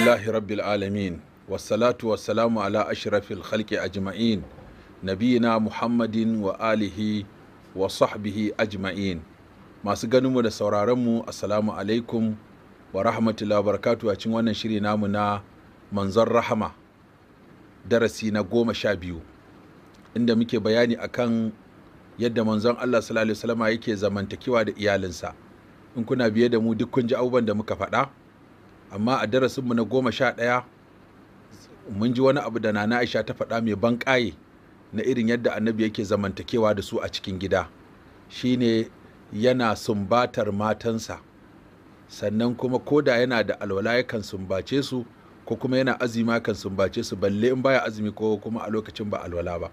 alhamdulillahi rabbil alamin wassalatu wassalamu ala ashrafil khalki ajma'in nabiyina muhammadin wa alihi wa sahbihi ajma'in masu ganinmu da sauraronmu assalamu alaikum wa rahmatullahi barakatu a cin wannan shiri namu na manzon rahama darasi na goma sha biyu inda muke bayani akan yadda manzon Allah sallallahu yake zamantakewa da iyalinsa in kuna biye da mu duk kun ji abubuwan da muka faɗa amma a darasinmu na goma sha ɗaya mun ji wani abu da nana aisha ta faɗa mai ban na irin yadda annabi yake zamantakewa da su a cikin gida shine yana sumbatar matansa sannan kuma koda yana da alwala yakan sumbace su ko kuma yana azima yakan sumbace su balle in baya azumi ko kuma a lokacin ba alwala ba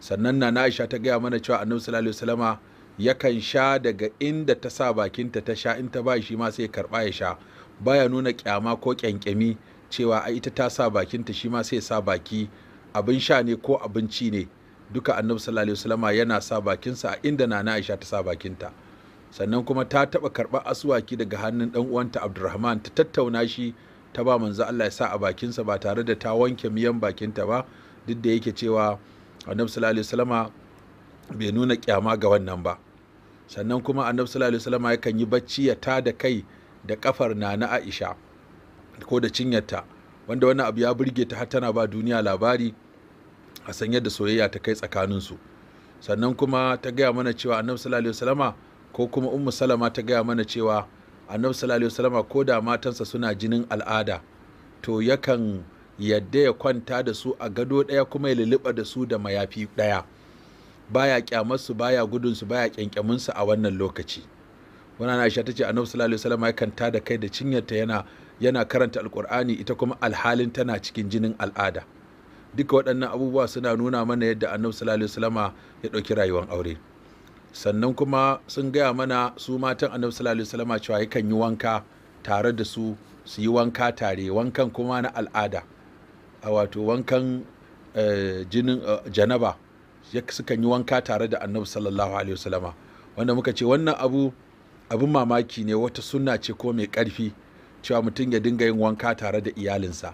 sannan nana aisha ta gaya mana cewa annabi sallallahu alaihi wasallama yakan sha daga inda ta sa bakinta ta sha in ta bayi shi ma sai karɓa ya sha baya nuna kyama ko kyankyami cewa a ita ta sa bakinta shi ma sai sa baki abin sha ne ko abinci ne duka annabi sallallahu alaihi wasallama yana sa bakinsa a inda nana aisha ta sa bakinta sannan kuma ta taɓa karba asuwaki daga hannun ɗan uwanta abdurrahman ta tattauna shi ta ba manzo Allah ya sa a bakinsa ba tare da ta wanke miyan bakinta ba duk da yake cewa annabi sallallahu alaihi wasallama bai nuna kyama ga wannan ba sannan kuma annabi sallallahu alaihi wasallama yakan yi bacci ya tada kai da kafar na aisha ko da cinyarta wanda wannan abu ya burge ta har tana ba duniya labari a sanye da soyayya ta kai tsakaninsu sannan kuma ta gaya mana cewa annabi sallallahu alaihi wasallama ko kuma ummu salama ta gaya mana cewa annabi sallallahu alaihi wasallama ko da matansa suna jinin al'ada to yakan yadda ya kwanta da su a gado ɗaya kuma ya lulluɓa da su da mayafi ɗaya baya kyamarsu baya gudunsu baya kyankyaminsu a wannan lokaci ana Aisha tace Annabi sallallahu alaihi wasallam kanta tada kai da cinyarta yana yana karanta alkur'ani ita kuma alhalin tana cikin jinin al'ada duka waɗannan abubuwa suna nuna mana yadda annabi sallallahu alaihi wasallama ya ɗauki rayuwar aure sannan kuma sun gaya mana su matan annabi sallallahu alaihi wasallama cewa yakan yi wanka tare da su su yi wanka tare wankan kuma na al'ada a wato wankan eh, jinin eh, janaba sukan yi wanka tare da annabi sallallahu alaihi wasallama wanda muka ce wannan abu abin mamaki ne wata sunna ce ko mai karfi cewa mutum ya dinga yin wanka tare da iyalinsa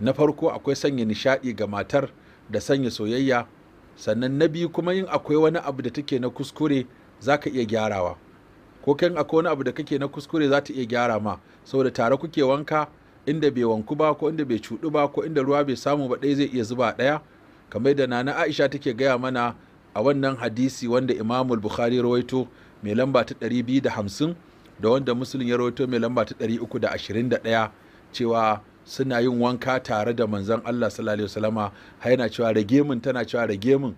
na farko akwai sanya nishaɗi ga matar da sanya soyayya sannan na biyu kuma yin akwai wani abu da take na kuskure za ka iya gyarawa ko kan akwai wani abu da kake na kuskure za ta iya gyara ma saboda tare kuke wanka inda bai wanku ba ko inda bai cudu ba ko inda ruwa bai samu ba ɗaya zai iya zuba ɗaya kamar da nana aisha take gaya mana a wannan hadisi wanda imamul bukhari rawaito mai lamba ta 250 da wanda musulun ya rawaito mai lamba ta 321 cewa suna yin wanka tare da manzon Allah sallallahu alaihi har yana cewa rage min tana cewa rage min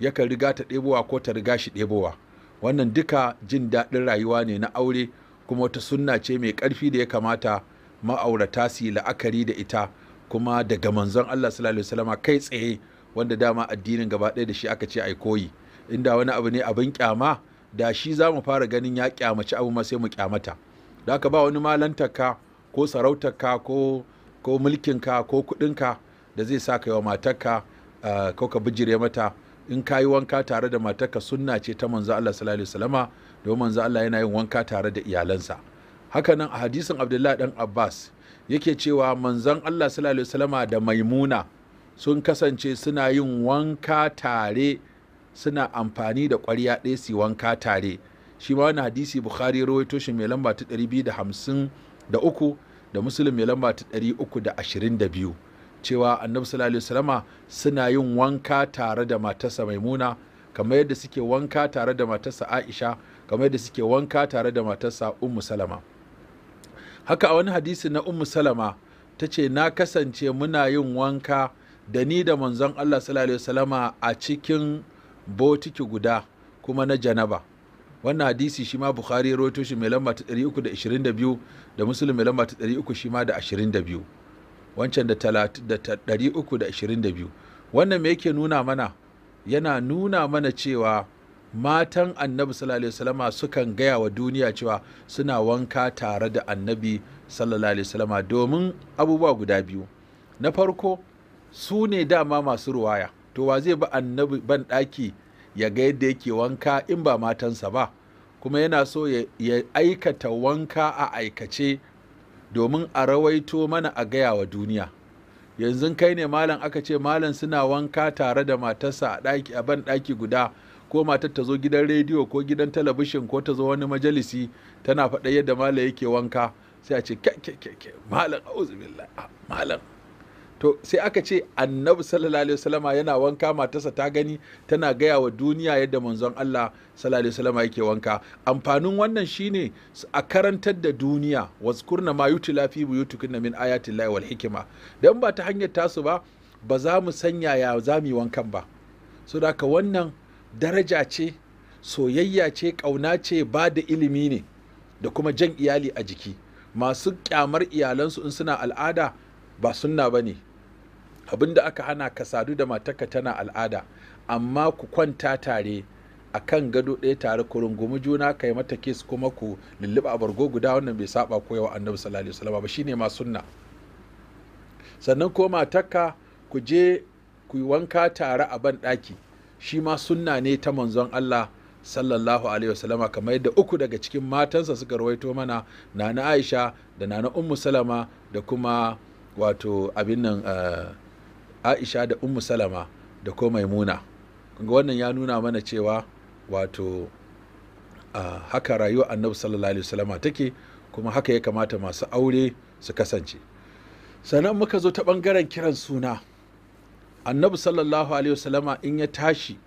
yakan riga ta ɗebowa ko ta riga shi ɗebowa wannan duka jin daɗin rayuwa ne na aure kuma wata sunna ce mai ƙarfi da ya kamata ma'aurata su yi la'akari da ita kuma daga manzon Allah sallallahu kai tsaye wanda dama addinin gaba ɗaya da shi aka ce ai koyi inda wani abu ne abin kyama da shi za mu fara ganin ya kyamaci abu ma sai mu kyamata da haka ba wani malantarka ko sarautarka ko ko mulkinka ko kudinka da zai sa ka yi wa matarka eh, ko ka bijire mata in ka yi wanka tare da matarka sunna ce ta manzo Allah sallallahu alaihi wasallama domin manzo Allah yana yin wanka tare da iyalansa hakanan a hadisin Abdullahi dan Abbas yake cewa manzon Allah sallallahu alaihi da Maimuna sun kasance suna yin wanka tare suna amfani da ƙwarya ɗaya su wanka tare shi ma wani hadisi bukhari rawaito shi mai lamba ta biyu da hamsin da da uku, musulun mai lamba ta ɗari uku da da ashirin biyu. cewa annabi sallallahu alaihi suna yin wanka tare da matarsa maimuna kamar yadda suke wanka tare da matarsa aisha kamar yadda suke wanka tare da matarsa ummu salama haka a wani hadisi na ummu salama ta ce na kasance muna yin wanka da ni da manzon allah sallallahu alaihi a cikin botiki guda kuma na janaba wannan hadisi shi ma bukhari ya roto shi mai lamba ta 322 da muslim mai lamba ta 300 shi ma da 22 wancan da 322 wannan me yake nuna mana yana nuna mana cewa matan annabi sallallahu alaihi wasallama sukan gaya wa duniya cewa suna wanka tare da annabi sallallahu alaihi wasallama domin abubuwa guda biyu na farko su ne dama masu ruwaya to wa zai bi annabi ban ɗaki ya ga yadda yake wanka in ba matansa ba kuma yana so ya aikata wanka a aikace domin a rawaito mana a gaya wa duniya yanzu kai ne malam aka ce malam suna wanka tare da matarsa a ɗaki a ban ɗaki guda ko matar ta zo gidan rediyo ko gidan talabishin ko ta zo wani majalisi tana faɗa yadda malam yake wanka sai a ce ke ke ke malam auzubillah malam to sai aka ce annabi sallallahu alaihi wasallama yana wanka matarsa ta gani tana gaya wa duniya yadda manzon Allah sallallahu alaihi wasallama yake wanka amfanin wannan shine a karantar da duniya wazkurna ma yutila fi buyutikunna min llahi wal hikima dan ba ta hanyar tasu ba ba za mu sanya ya za mu wankan ba so da wannan daraja ce soyayya ce ƙauna ce ba da ilimi ne da kuma jan iyali a jiki masu kyamar iyalansu in suna al'ada ba sunna ba ne abin da aka hana ka sadu da matarka tana al'ada amma ku kwanta tare a kan gado ɗaya tare ku rungumi juna ka yi mata kes kuma ku lulluɓa a bargo guda wannan bai saba ko yawa annabi sallallahu alaihi ba shine ma sunna sannan ko matarka ku je ku yi wanka tare a ban ɗaki shi ma sunna ne ta manzon Allah sallallahu alaihi wasallama kamar yadda uku daga cikin matansa suka rawaito mana nana Aisha da nana Ummu Salama da kuma wato abin nan uh, aisha da ummu salama da ko maimuna wannan ya nuna mana cewa wato uh, haka rayuwa annabi sallallahu alaihi wasallama take kuma haka ya kamata masu aure su kasance sannan muka zo ta ɓangaren kiran suna annabi sallallahu alaihi wasallama in ya tashi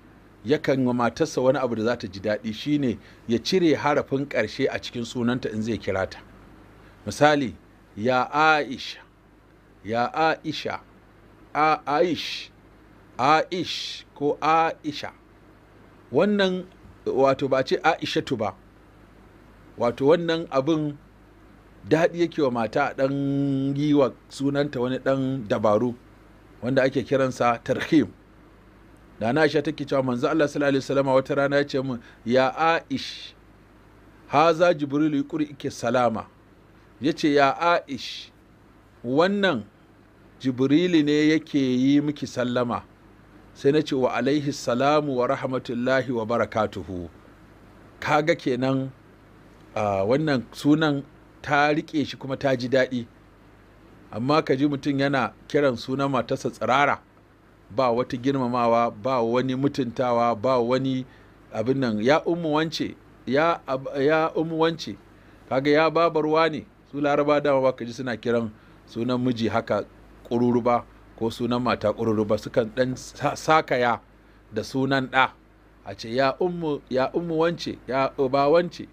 yakan wa matarsa wani abu da za ta ji daɗi shine ya cire harafin ƙarshe a cikin sunanta in zai kira ta misali ya aisha ya aisha aish aish ko aisha wannan wato ba ce aishatu ba wato wannan abin daɗi yake wa mata a ɗan yi wa sunanta wani ɗan dabaru wanda ake kiransa tarhim da na aisha take cewa manzo Allah sallallahu alaihi wasallam wata rana ya ce min ya aish haza jibril ike salama yace ya aish wannan jibrili ne yake yi miki sallama sai na ce wa alaihi salamu wa rahmatullahi wa barakatuhu kaga kenan wannan sunan ta riƙe shi kuma ta ji daɗi amma ka ji mutum yana kiran sunan matarsa tsirara ba wata girmamawa ba wani mutuntawa ba wani abin nan ya umu wance ya, ya kaga ya babarwa ne su laraba dama ba ka ji suna kiran sunan miji haka ƙururuba ko sunan mata ƙururuba sukan ɗan sakaya da sunan ɗa a ce ya ummu wance ya uba wance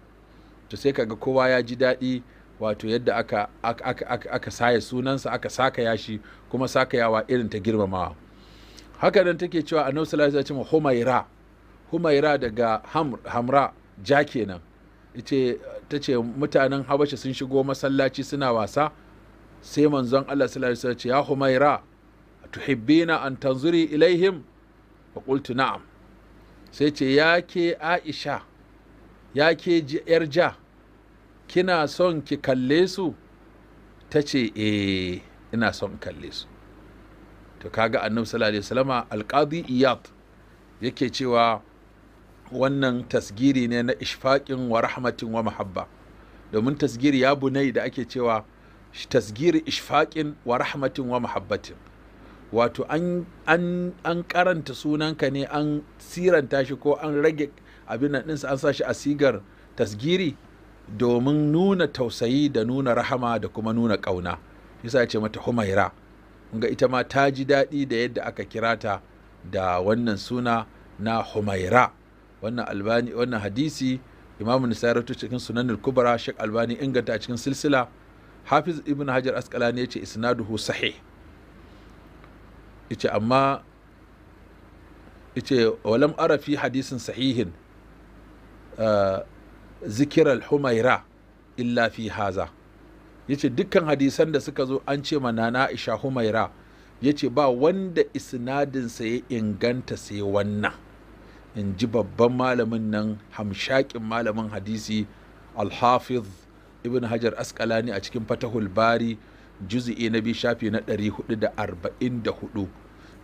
to sai kaga kowa ya ji daɗi wato yadda aka aka, saya sunansa aka sakaya shi kuma sakayawa irin ta girmamawa haka nan take cewa annabi sallallahu alaihi wasallam humaira humaira daga hamra ja kenan ita ta ce mutanen habasha sun shigo masallaci suna wasa sai manzon Allah sallallahu alaihi wasallam ce ya Humaira tuhibbina an tanzuri ilaihim fa qultu na'am sai ce yake ke Aisha yake yarja. ja kina son ki kalle su ta ce eh ina son kalle su to kaga annabi sallallahu alaihi wasallama alqadi iyad yake cewa wannan tasgiri ne na ishfaƙin wa rahmatin wa mahabba domin tasgiri ya ne da ake cewa tasgiri ishfaƙin wa rahmatin wa muhabbatin wato an, an, karanta sunanka ne an siranta shi ko an rage abin nan an sa shi a sigar tasgiri domin nuna tausayi da nuna rahama da kuma nuna ƙauna yasa ya ce mata humaira ga ita ma ta ji daɗi da yadda aka kira ta da wannan suna na humaira wannan albani wannan hadisi imamu nisaratu cikin sunan kubra shek albani inganta cikin silsila hafiz ibn hajar askalani ya ce isnaduhu sahih ce amma yace walam ara hadisin sahihin uh, zikiral humaira illa fi haza yace dukkan hadisan da suka zo an ce mana isha humaira yace ba wanda isnadinsa ya inganta sai wannan in ji babban malamin nan hamshakin malamin hadisi alhafiz hafiz ibn hajar askalani a cikin fatahul bari juzi'i na biyu shafi na 444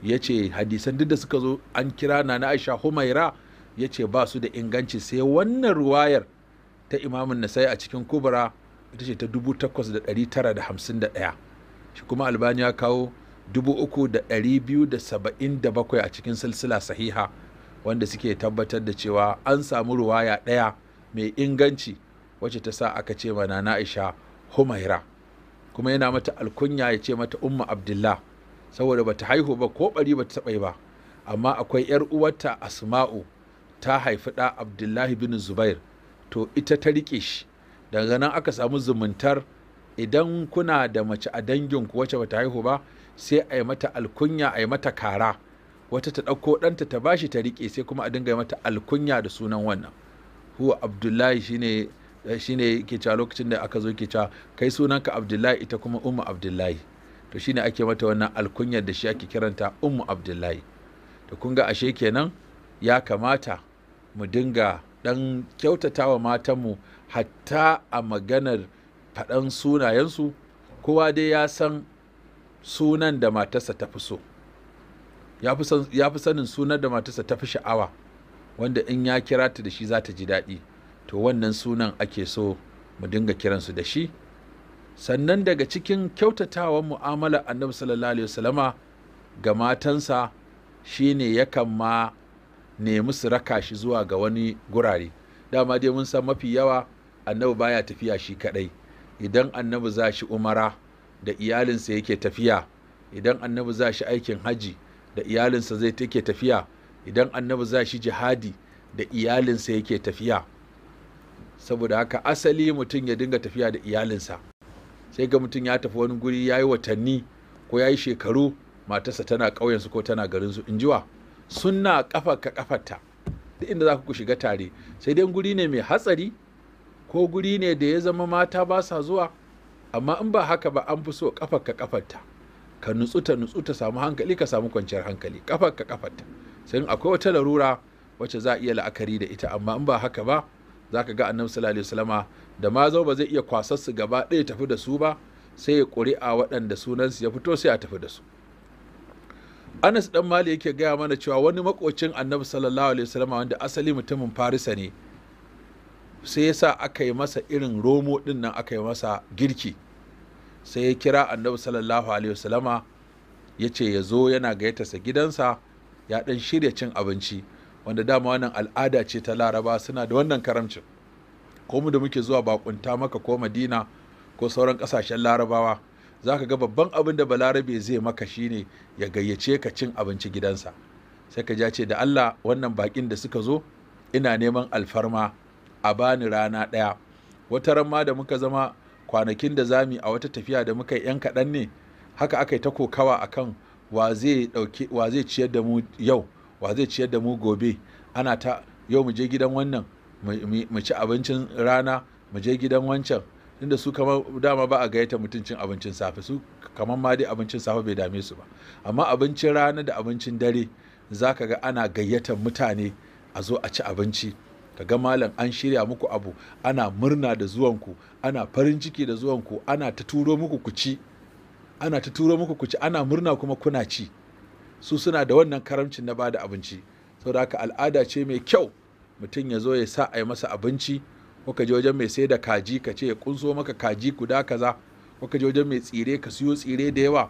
ya ce hadisan duk da suka zo an kira na na aisha humaira ya ce ba su da inganci sai wannan ruwayar ta imamun nasai a cikin kubra ita ce ta 8951 shi kuma albani ya kawo da da saba'in bakwai a cikin silsila sahiha wanda suke tabbatar da cewa an samu ruwaya ɗaya mai inganci wacce ta sa aka ce ma nana Aisha Humaira kuma yana mata alkunya ya ce mata Umma Abdullah saboda bata haihu ba ko bari bata taɓa ba amma akwai yar uwarta Asma'u ta haifi ɗa Abdullahi bin Zubair to ita ta riƙe shi daga nan aka samu zumuntar idan kuna da mace a danginku wacce bata haihu ba sai a yi mata alkunya a yi mata kara wata ta ɗauko ɗanta ta bashi ta riƙe sai kuma a dinga mata alkunya da sunan wannan huwa abdullahi shine Eh, shine ke lokacin da aka zo ke kai sunanka abdullahi ita kuma ummu abdullahi to shine ake mata wannan alkunyar da shi ake kiranta ummu abdullahi to kun ga ashe kenan ya kamata mu dinga dan kyautatawa matanmu hatta a maganar faɗan sunayensu kowa dai ya san sunan da matarsa ta fi so ya fi sanin sunan da matarsa ta fi sha'awa wanda in ya kira ta da shi za ta ji daɗi to wannan sunan ake so mu dinga kiransu da shi sannan daga cikin kyautatawan mu'amala annabi sallallahu alaihi wasallama ga matansa shine yakan ma nemi su raka shi zuwa ga wani gurare dama dai mun san mafi yawa annabi baya tafiya shi kadai idan annabi za shi umara da iyalinsa yake tafiya idan annabi za shi aikin haji da iyalinsa zai take tafiya idan annabi za shi jihadi da iyalinsa yake tafiya saboda haka asali mutum ya dinga tafiya da iyalinsa sai ga mutum ya tafi wani guri ya yi watanni ko ya yi shekaru matarsa tana ƙauyensu ko tana garinsu in jiwa sunna kafa ka kafarta duk inda za ku shiga tare sai dai guri ne mai hatsari ko guri ne da ya zama mata ba sa zuwa amma in ba haka ba an fi so kafar ka kafarta ka nutsu ta nutsu ta samu hankali ka samu kwanciyar hankali kafar ka kafarta sai akwai wata larura wacce za a iya la'akari da ita amma in ba haka ba zaka ga annabi sallallahu alaihi wasallama da ma zo ba zai iya kwasar su gaba ɗaya tafi da su ba sai ya ƙuri'a waɗanda sunansu ya fito sai a tafi da su Anas dan Mali yake gaya mana cewa wani makocin Annabi sallallahu alaihi wasallama wanda asali mutumin Farisa ne sai yasa aka yi masa irin romo din nan aka yi masa girki sai ya kira Annabi sallallahu alaihi wasallama ya ce ya zo yana sa gidansa ya ɗan shirya cin abinci wanda dama wannan al'ada ce ta laraba suna da wannan karamcin ko mu da muke zuwa bakunta maka ko madina ko sauran kasashen larabawa za ka ga babban abin da balarabe zai maka shine ya gayyace ka cin abinci gidansa sai ka ja ce da allah wannan bakin da suka zo ina neman alfarma a bani rana ɗaya wata ran da muka zama kwanakin da zami a wata tafiya da muka yi 'yan kaɗan ne haka aka yi ta kokawa akan wa zai ciyar da mu yau wa zai ciyar da mu gobe ana ta yau mu je gidan wannan mu ci abincin rana mu je gidan wancan inda su kamar dama ba a gayyata mutum cin abincin safe su kamar ma dai abincin safe bai dame su ba amma abincin rana da abincin dare za ka ga ana gayyata mutane a zo a ci abinci ka ga malam an shirya muku abu ana murna da zuwanku ana farin ciki da zuwanku ana ta turo muku ku ci ana ta turo muku ku ci ana murna kuma kuna ci su suna da wannan karamcin na bada abinci sau da al'ada ce mai kyau mutum ya zo ya sa a yi masa abinci ko ka je wajen mai sai da kaji ka ce ya kunso maka kaji guda kaza ko ka je wajen mai tsire ka siyo tsire da yawa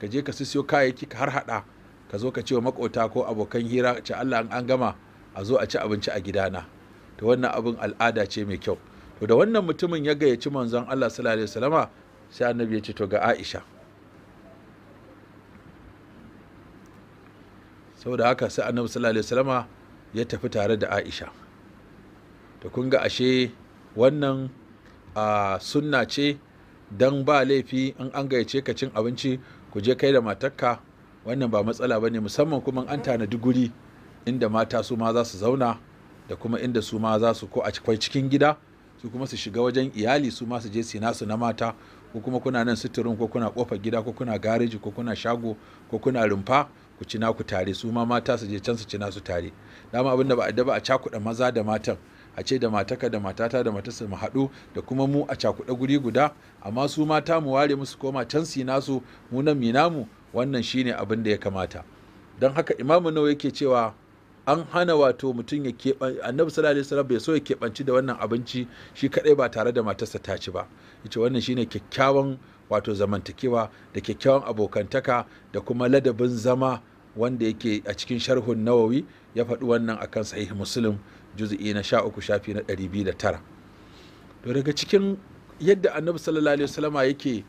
ka je ka siyo kayayyaki ka har hada ka zo ka ce wa makota ko abokan hira ce Allah an gama a zo a ci abinci a gidana to wannan abin al'ada ce mai kyau to da wannan mutumin ya gayyaci manzon Allah sallallahu alaihi wasallama sai annabi ya ce to ga Aisha saboda haka sai annabi sallallahu alaihi wasallama ya tafi tare da aisha to kun ga ashe wannan a sunna ce don ba laifi in an gayyace ka cin abinci ku je kai da matarka wannan ba matsala ba ne musamman kuma an tanadi guri inda mata su ma za su zauna da kuma inda su ma za su ko a kwai cikin gida su kuma su shiga wajen iyali su ma su je su nasu na mata ko kuma kuna nan suturin ko kuna kofar gida ko kuna gareji ko kuna shago ko kuna rumfa ku ci naku tare su ma mata su je can su ci nasu tare dama abinda ba a daba a cakuɗa maza da matan a ce da mataka da matata da matarsa mu haɗu da kuma mu a cakuɗa guri guda amma su mata mu ware musu koma can su nasu mu nan mi namu wannan shine abin da ya kamata don haka imamu nawa yake cewa an hana wato mutum ya keɓa annabi sallallahu alaihi wasallam bai so ya keɓanci da wannan abinci shi kadai ba tare da matarsa ta ci ba yace wannan shine kyakkyawan wato zamantakewa da kyakkyawan abokantaka da kuma ladabin zama wanda yake a cikin sharhun nawawi ya faɗi wannan akan sahih muslim juz'i na sha uku shafi na ɗari biyu da tara to daga cikin yadda annabi sallallahu alaihi wasallama yake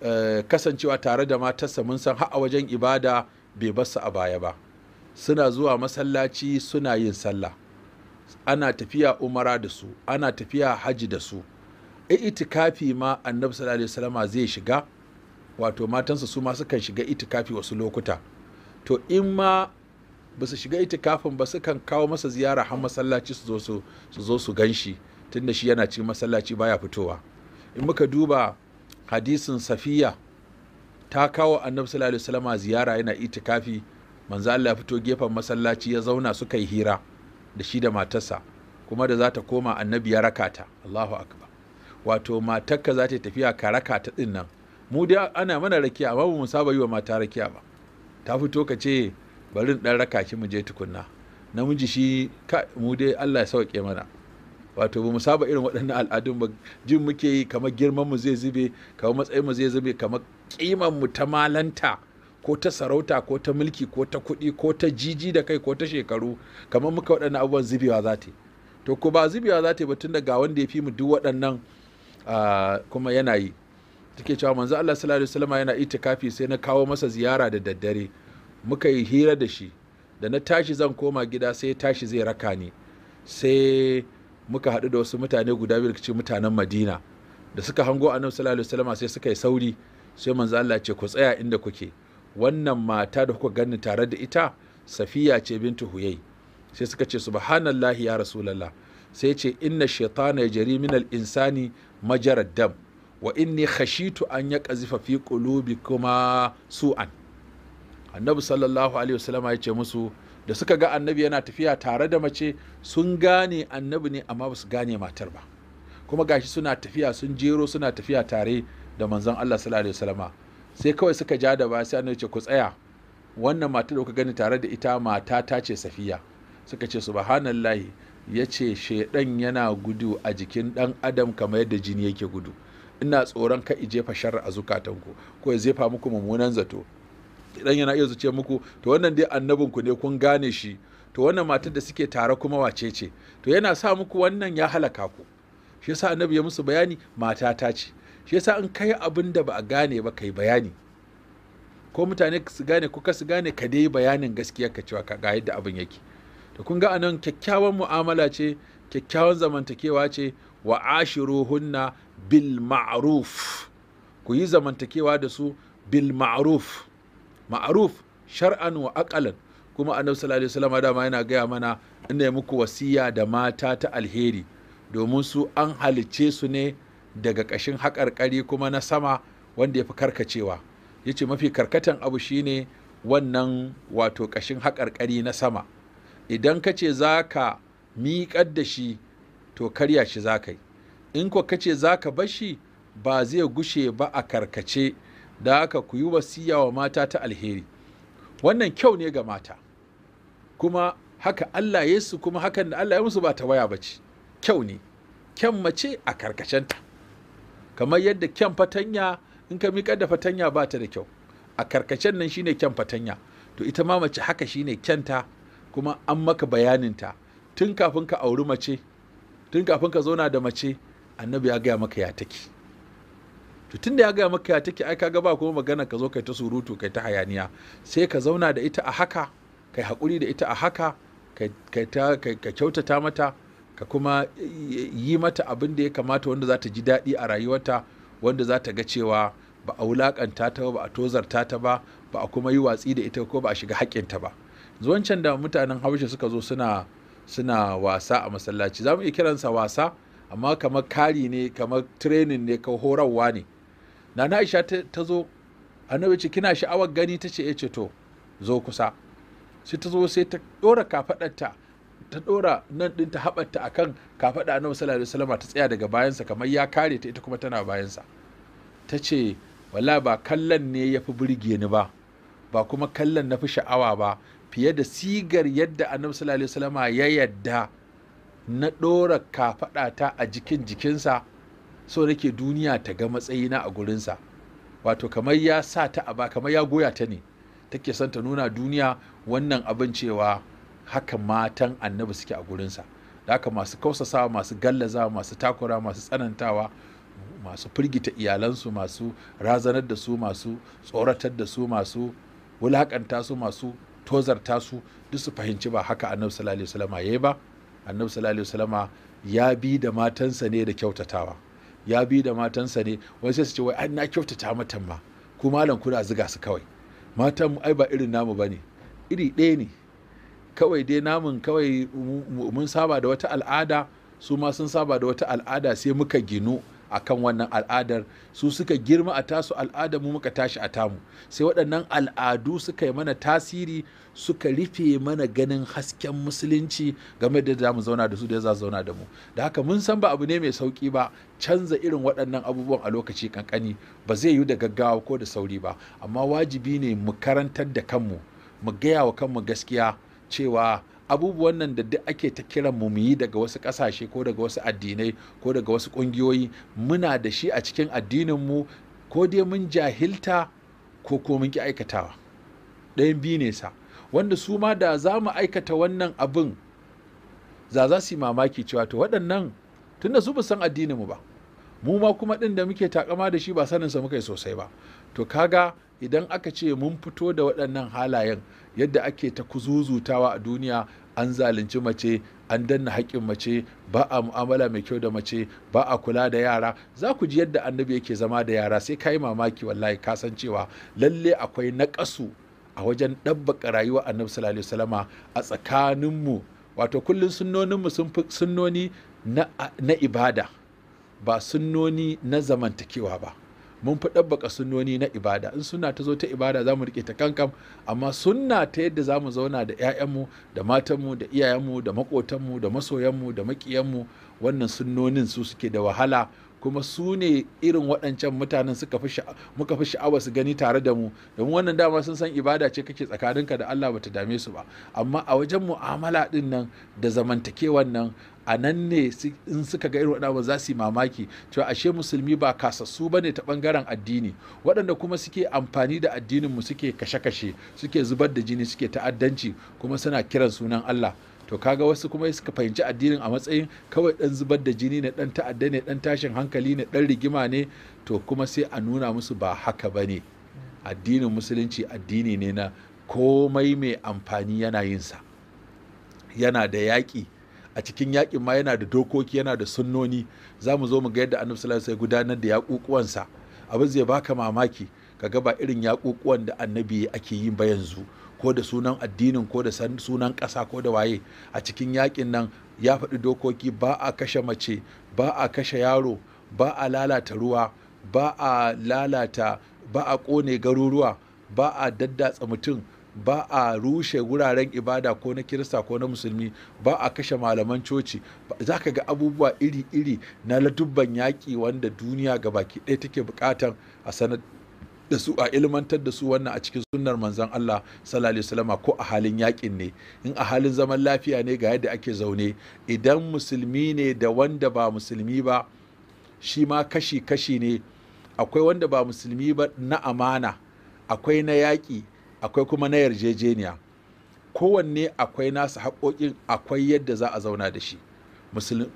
eh, kasancewa tare da matarsa mun san har a wajen ibada bai basu a baya ba suna zuwa masallaci suna yin sallah ana tafiya umara da su ana tafiya haji da su itikafi ma annabi sallallahu alaihi zai shiga wato matansa su ma sukan shiga itikafi wasu lokuta to in ma ba su shiga itikafin ba sukan kawo masa ziyara har masallaci su zo su zo su ganshi shi tunda shi yana cikin masallaci baya fitowa in muka duba hadisin safiya ta kawo annabi sallallahu alaihi ziyara yana itikafi manzo Allah ya fito gefen masallaci ya zauna suka yi hira da shi da matarsa kuma da za ta koma annabi ya rakata. Allahu akbar wato matakka za ta tafiya ka raka ta ɗin nan mu dai ana mana rakiya amma ba mu saba yi wa mata rakiya ba ta fito ka ce bari ɗan raka ki mu je tukunna namiji shi ka mu dai Allah ya sauke mana wato ba mu saba irin waɗannan al'adun ba jin muke yi kamar girman mu zai zube kamar matsayin mu zai zube kamar kiman mu ta malanta ko ta sarauta ko ta mulki ko ta kuɗi ko ta jiji da kai ko ta shekaru kamar muka waɗannan abubuwan zubewa za ta to ko ba zubewa za ta yi ba tun daga wanda ya fi mu duk waɗannan kuma yana yi take cewa manzo Allah sallallahu alaihi wasallam yana itikafi sai na kawo masa ziyara da daddare muka yi hira da shi da na tashi zan koma gida sai tashi zai raka ni sai muka haɗu da wasu mutane guda biyu ce mutanen Madina da suka hango annabi sallallahu alaihi wasallam sai suka yi sauri sai manzo Allah ce ku tsaya inda kuke wannan mata da kuka gani tare da ita Safiya ce bintu Huyai sai suka ce subhanallahi ya rasulullah sai ce inna shaitana yajri min al-insani majarar dam wa inni khashitu an ya ƙazifa fi ƙulubi kuma su'an annabi sallallahu alaihi wasallama ya ce musu da suka ga annabi yana tafiya tare da mace sun gane annabi ne amma ba su gane matar ba kuma gashi suna tafiya sun jero suna tafiya tare da manzon Allah sallallahu alaihi wasallama sai kawai suka ja da ba sai annabi ce ku tsaya wannan matar da kuka gani tare da ita mata ta ce safiya suka ce subhanallahi ya ce shaidan yana gudu a jikin dan adam kamar yadda jini yake gudu ina tsoron ka ije jefa a zukatanku ko ya jefa muku mummunan zato idan yana iya zuce muku to wannan dai annabinku ne kun gane shi to wannan matar da suke tare kuma wace ce to yana sa muku wannan ya halaka ku shi yasa annabi ya musu bayani mata ta ce shi yasa in kai abin da ba a gane ba kai bayani ko mutane su gane kuka su gane ka dai bayanin gaskiya ka cewa ga yadda abin yake da kun ga anan kyakkyawan mu'amala ce kyakkyawan zamantakewa ce wa ashiruhunna bil ma'ruf ku yi zamantakewa da su bil ma'ruf ma'ruf shar'an wa aqalan kuma annabi sallallahu alaihi wasallam dama yana gaya mana inda ya muku wasiya da mata ta alheri domin su an halicce su ne daga ƙashin haƙarƙari kuma na sama wanda ya fi karkacewa ya ce mafi karkatan abu shine wannan wato ƙashin haƙarƙari na sama idan ka ce za ka miƙar da shi to karya shi za ka yi in ko ka ce za ka bar shi ba zai gushe ba a karkace da aka ku yi wasiya wa mata ta alheri wannan kyau ne ga mata kuma haka Allah Yesu kuma hakan da Allah ya musu ba ta waya ba ce kyau ne kyan mace a karkacenta kamar yadda kyan fatanya in ka miƙar da fatanya ba ta da kyau a karkacen nan shine kyan fatanya to ita ma mace haka shine kyanta kuma an maka bayaninta tun kafin ka auri mace tun kafin ka zauna da mace annabi ya gaya maka ya take to tun da ya gaya maka ya take ai kaga ba kuma magana ka zo kai ta surutu kai ta hayaniya sai ka zauna da ita a haka kai haƙuri da ita a haka kai ta ka kyautata mata ka kuma yi mata abin da ya kamata wanda za ta ji daɗi a rayuwarta wanda za ta ga cewa ba a wulaƙanta ta ba a tozarta ta ba ba a kuma yi watsi da ita ko ba a shiga haƙƙinta ba Zuwancin da mutanen haushe suka zo suna suna wasa a masallaci za mu iya kiransa wasa amma kamar kari ne kamar training ne ka horarwa ne na aisha ta zo annabi ce kina sha'awar gani ta ce eh, ce to zo kusa sai ta zo sai ta dora kafadarta ta dora nan ɗinta haɓarta akan kafada annabi sallallahu alaihi wasallam ta tsaya daga bayansa kamar ya kare ta ita kuma tana bayansa ta ce wala ba kallon ne ya fi burge ni ba ba kuma kallon na fi sha'awa ba fiye da sigar yadda annabi sallallahu alaihi wasallama ya yadda na ɗora kafaɗata a jikin jikinsa so nake duniya ta ga matsayina a gurinsa wato kamar ya sa ta a ba kamar ya goya ta ne take son ta nuna duniya wannan abin cewa haka matan annabi suke a gurinsa da haka masu kausasawa masu gallaza masu takura masu tsanantawa masu firgita iyalansu masu razanar da su masu tsoratar da su masu wulakanta su masu tozarta su duk su fahimci ba haka annabi sallallahu alaihi wasallama yayi ba annabi sallallahu alaihi wasallama ya bi da matansa ne da kyautatawa ya bi da matansa ne wani sai su ce wai an na kyautata matan ma ku malam kuna ziga su kawai matan mu ai ba irin namu bane iri ɗaya ne kawai dai namun kawai mun saba da wata al'ada su ma sun saba da wata al'ada sai muka ginu akan wannan al'adar su suka girma a tasu al'adar mu muka tashi a tamu sai waɗannan al'adu suka yi mana tasiri suka rufe mana ganin hasken musulunci game da za mu zauna da su da za zauna da mu da haka mun san ba abu ne mai sauki ba canza irin waɗannan abubuwan a lokaci kankani ba zai yi da gaggawa ko da sauri ba amma wajibi ne mu karantar da kanmu mu gaya wa kanmu gaskiya cewa abubuwan nan da duk ake ta kiran mu yi daga wasu ƙasashe ko daga wasu addinai ko daga wasu ƙungiyoyi muna da shi a cikin addinin mu ko dai mun jahilta ko ko mun ki aikatawa ɗayan biyu ne sa wanda su ma da za mu aikata wannan abin za za su yi mamaki cewa to waɗannan tunda su ba san addinin mu ba mu ma kuma ɗin da muke takama da shi ba saninsa muka yi sosai ba to kaga idan aka ce mun fito da waɗannan halayen yadda ake ta kuzuzutawa a duniya an zalunci mace an danna haƙƙin mace ba a mu'amala mai kyau da mace ba a kula da yara za ku ji yadda annabi yake zama da yara sai ka yi mamaki wallahi ka san cewa lalle akwai naƙasu a wajen ɗabbaƙa rayuwa annabi sallallahu alaihi wasallama a tsakaninmu wato kullum sunnoninmu sun fi sunnoni na ibada ba sunnoni na zamantakewa ba mun fi ɗabbaka sunnoni na ibada in suna ta zo ta ibada za mu riƙe ta kankan amma suna ta yadda za mu zauna da 'ya'yanmu da matanmu da iyayenmu da maƙotanmu da masoyanmu da maƙiyanmu wannan sunnonin su suke da wahala kuma su ne irin waɗancan mutanen muka fi sha'awa su gani tare da mu domin wannan dama sun san ibada ce kake tsakaninka da Allah bata dame su ba amma a wajen mu'amala din nan da zamantakewan nan a nan ne in suka ga irin waɗanda za su yi mamaki cewa ashe musulmi ba kasassu ba ne ta ɓangaren addini waɗanda kuma suke amfani da addininmu suke kashe-kashe suke zubar da jini suke ta'addanci kuma suna kiran sunan Allah to kaga wasu kuma suka fahimci addinin a matsayin kawai dan zubar da jini ne dan ta'adda ne dan tashin hankali ne dan rigima ne to kuma sai a nuna musu ba haka ba ne addinin musulunci addini ne na komai mai amfani yana yinsa yana da yaƙi a cikin yakin ma yana da dokoki yana da sunnoni za mu zo mu ga yadda annabi sallallahu alaihi gudanar da yakukuwansa abin zai baka mamaki ka ga ba irin yakukuwan da annabi ake yi ba yanzu ko da sunan addinin ko da sunan ƙasa ko da waye a cikin yakin nan ya faɗi dokoki ba a kashe mace ba a kashe yaro ba a lalata ruwa ba a lalata ba a ƙone garuruwa ba a daddatsa mutum ba a rushe wuraren ibada ko na kirista ko na musulmi ba a kashe malaman coci za ka ga abubuwa iri-iri na ladubban yaƙi wanda duniya ga baki ɗaya take buƙatan a sanar da su a ilmantar da su wannan a cikin sunnar manzon Allah sallallahu alaihi ko a halin yaƙin ne in a halin zaman lafiya ne ga yadda ake zaune idan musulmi ne da wanda ba musulmi ba shi ma kashi kashi ne akwai wanda ba musulmi ba na amana akwai na yaƙi akwai kuma na yarjejeniya kowanne akwai nasa haƙoƙin akwai yadda za a zauna da shi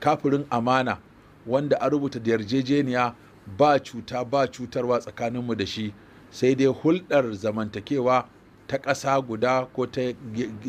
kafirin amana wanda an rubuta da yarjejeniya ba cuta ba cutarwa tsakaninmu da shi sai dai hulɗar zamantakewa ta ƙasa guda ko ta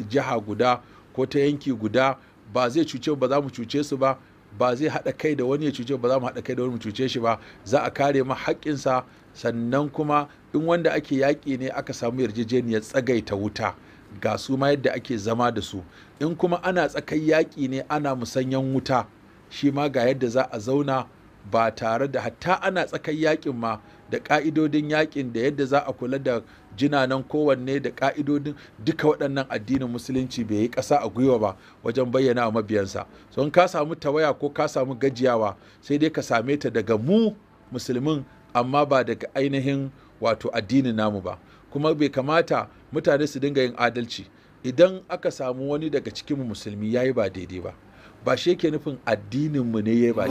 jiha guda ko ta yanki guda ba zai cuce ba za mu cuce su ba ba zai haɗa kai da wani ya cuce ba za mu haɗa kai da wani mu cuce shi ba za a kare ma haƙƙinsa sannan kuma in wanda ake yaƙi ne aka samu yarjejeniyar tsagaita wuta ga su ma yadda ake zama da su in kuma ana tsakai yaƙi ne ana musanyan wuta shi ma ga yadda za a zauna ba tare da hatta ana tsakai yaƙin ma da ƙa'idodin yaƙin da yadda za a kula da jinanan kowanne da ƙa'idodin duka waɗannan addinin musulunci bai yi ƙasa a gwiwa ba wajen bayyana wa mabiyansa so in ka samu tawaya ko ka samu gajiyawa sai dai ka same ta daga mu musulmin amma ba daga ainihin wato addinin namu ba kuma bai kamata mutane su dinga yin adalci idan aka samu wani daga cikin musulmi ya yi ba daidai ba ba shi yake nufin addininmu ne ya yi ba